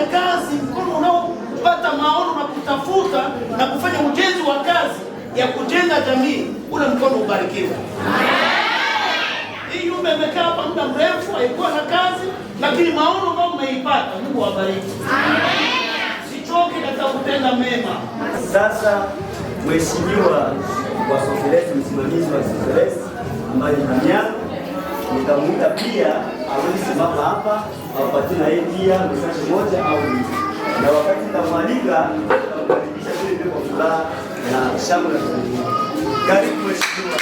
kufanya kazi, mkono unaopata maono na kutafuta na kufanya ujenzi wa kazi ya kujenga jamii, ule mkono ubarikiwe. Hii nyumba imekaa hapa muda mrefu, haikuwa na kazi, lakini maono ambayo mmeipata, Mungu awabariki. Sichoke katika kutenda mema. Sasa mheshimiwa wa Sosiresi, msimamizi wa Sosiresi ambaye ni nitamuita pia awezi simama hapa apatie na yeye pia message moja au mbili, na wakati nitamwalika nitamkaribisha vile vile kwa furaha na shangwe na karibu mheshimiwa.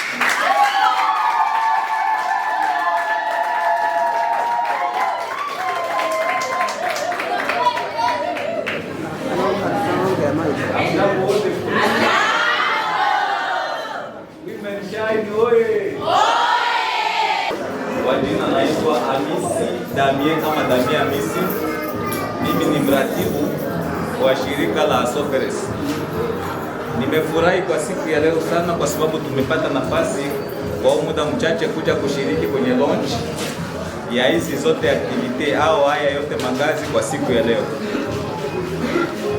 mratibu wa shirika la Soferes. Nimefurahi kwa siku ya leo sana kwa sababu tumepata nafasi kwa muda mchache kuja kushiriki kwenye launch ya hizi zote aktivite au haya yote mangazi kwa siku ya leo.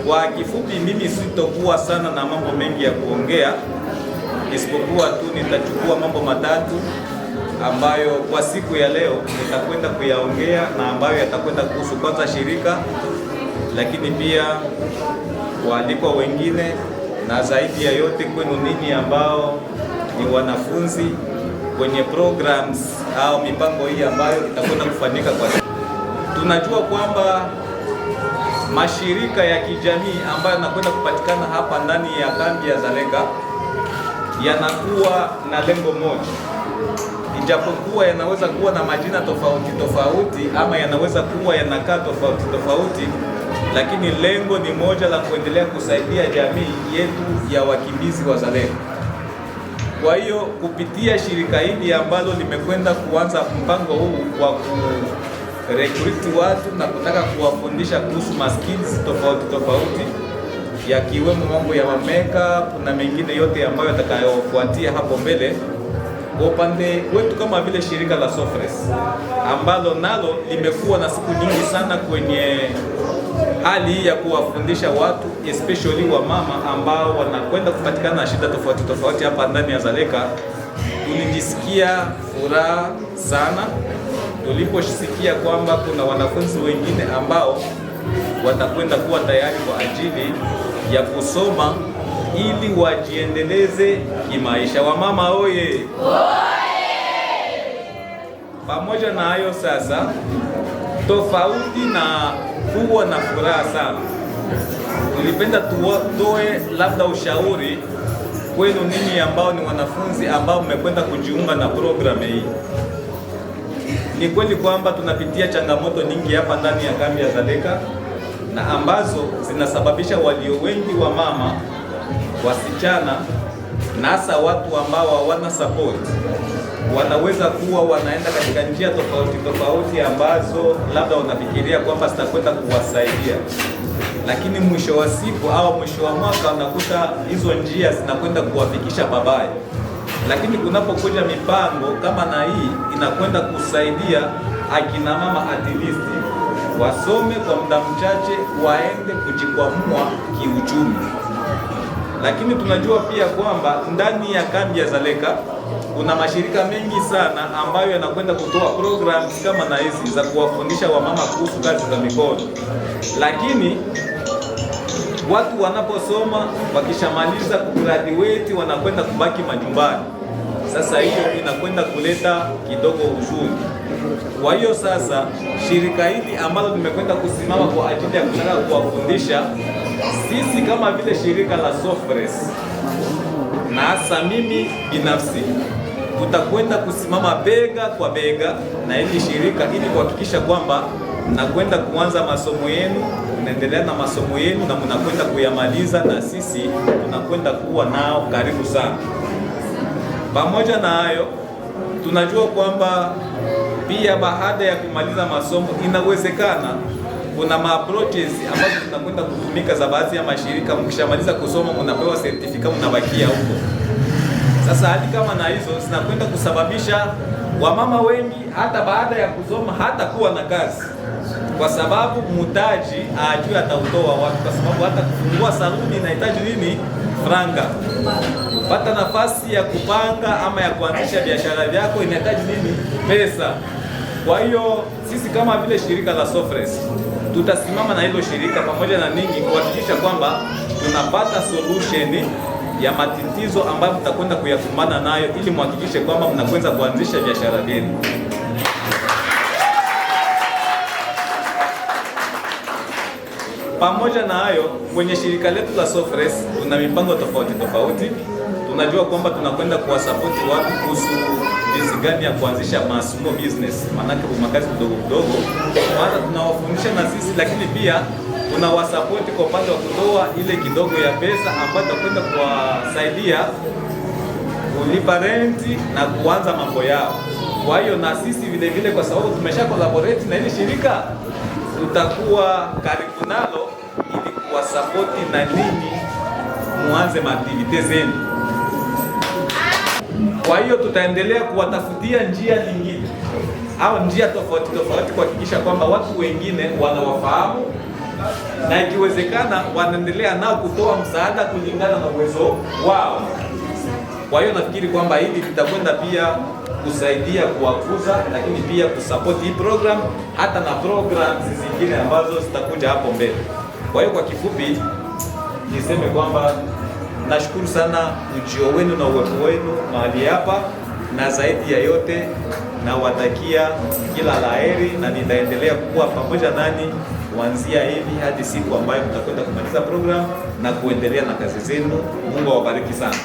Kwa kifupi, mimi sitokuwa sana na mambo mengi ya kuongea, isipokuwa tu nitachukua mambo matatu ambayo kwa siku ya leo nitakwenda kuyaongea na ambayo yatakwenda kuhusu kwanza shirika lakini pia waalikwa wengine, na zaidi ya yote kwenu ninyi ambao ni wanafunzi kwenye programs au mipango hii ambayo itakwenda kufanyika kwa. Tunajua kwamba mashirika ya kijamii ambayo yanakwenda kupatikana hapa ndani ya kambi ya Zaleka yanakuwa na lengo moja, ijapokuwa yanaweza kuwa na majina tofauti tofauti ama yanaweza kuwa yanakaa tofauti tofauti lakini lengo ni moja la kuendelea kusaidia jamii yetu ya wakimbizi wazalendo. Kwa hiyo kupitia shirika hili ambalo limekwenda kuanza mpango huu wa kurekruti watu na kutaka kuwafundisha kuhusu maskills tofauti tofauti yakiwemo mambo ya mameka kuna mengine yote ambayo yatakayofuatia hapo mbele. Kwa upande wetu kama vile shirika la Sofres ambalo nalo limekuwa na siku nyingi sana kwenye hali hii ya kuwafundisha watu especially wa mama ambao wanakwenda kupatikana na shida tofauti tofauti hapa ndani ya Zaleka. Tulijisikia furaha sana tuliposikia kwamba kuna wanafunzi wengine ambao watakwenda kuwa tayari kwa ajili ya kusoma ili wajiendeleze kimaisha. Wamama oye, oye! Pamoja na hayo sasa, tofauti na kuwa na furaha sana. Nilipenda tutoe labda ushauri kwenu ninyi ambao ni wanafunzi ambao mmekwenda kujiunga na programu hii. Ni kweli kwamba tunapitia changamoto nyingi hapa ndani ya kambi ya Zaleka na ambazo zinasababisha walio wengi wa mama wasichana na hasa watu ambao hawana support wanaweza kuwa wanaenda katika njia tofauti tofauti ambazo labda wanafikiria kwamba zitakwenda kuwasaidia, lakini mwisho wa siku au mwisho wa mwaka unakuta hizo njia zinakwenda kuwafikisha babaya. Lakini kunapokuja mipango kama na hii inakwenda kusaidia akina mama at least wasome kwa muda mchache, waende kujikwamua kiuchumi lakini tunajua pia kwamba ndani ya kambi ya Zaleka kuna mashirika mengi sana ambayo yanakwenda kutoa programs kama na hizi za kuwafundisha wamama kuhusu kazi za mikono, lakini watu wanaposoma wakishamaliza kugraduate wanakwenda kubaki majumbani. Sasa hiyo inakwenda kuleta kidogo huzuni. Kwa hiyo sasa shirika hili ambalo limekwenda kusimama kwa ajili ya kutaka kuwafundisha sisi kama vile shirika la Sofres na hasa mimi binafsi tutakwenda kusimama bega kwa bega na hili shirika ili kuhakikisha kwamba mnakwenda kuanza masomo yenu, mnaendelea na masomo yenu na mnakwenda kuyamaliza, na sisi tunakwenda kuwa nao karibu sana. Pamoja na hayo, tunajua kwamba pia baada ya kumaliza masomo inawezekana kuna maproteins ambazo zinakwenda kutumika za baadhi ya mashirika. Mkishamaliza kusoma mnapewa sertifika, mnabakia huko. Sasa hadi kama na hizo zinakwenda kusababisha wamama wengi hata baada ya kusoma hata kuwa na kazi, kwa sababu mtaji ajui atautoa watu kwa sababu hata kufungua saluni inahitaji nini? Franga. Pata nafasi ya kupanga ama ya kuanzisha biashara yako inahitaji nini? Pesa. Kwa hiyo sisi kama vile shirika la Sofres tutasimama na hilo shirika pamoja na ninyi kuhakikisha kwamba tunapata solution ya matatizo ambayo mtakwenda kuyakumbana nayo ili muhakikishe kwamba mnakwenza kuanzisha biashara yenu. Pamoja na hayo, kwenye shirika letu la Sofres tuna mipango tofauti tofauti. Tunajua kwamba tunakwenda kuwasapoti watu kuhusu jinsi gani ya kuanzisha small business, maanake makazi mdogo mdogo, maana tunawafundisha na sisi, lakini pia tunawasapoti kwa upande wa kutoa ile kidogo ya pesa ambayo itakwenda kuwasaidia kulipa renti na kuanza mambo yao. Kwa hiyo na sisi vile vile, kwa sababu tumesha collaborate na ile shirika, tutakuwa karibu nalo ili kuwasapoti na nini muanze maaktivite zenu. Kwa hiyo tutaendelea kuwatafutia njia nyingine au njia tofauti tofauti kuhakikisha kwamba watu wengine wanawafahamu na ikiwezekana wanaendelea nao kutoa msaada kulingana na uwezo wao. Kwa hiyo nafikiri kwamba hivi vitakwenda pia kusaidia kuwakuza, lakini pia kusapoti hii program hata na programs zingine ambazo zitakuja hapo mbele. Kwa hiyo kwa kifupi niseme kwamba Nashukuru sana ujio wenu na uwepo wenu mahali hapa, na zaidi ya yote nawatakia kila laheri, na nitaendelea kuwa pamoja nani kuanzia hivi hadi siku ambayo mtakwenda kumaliza program na kuendelea na kazi zenu. Mungu awabariki sana.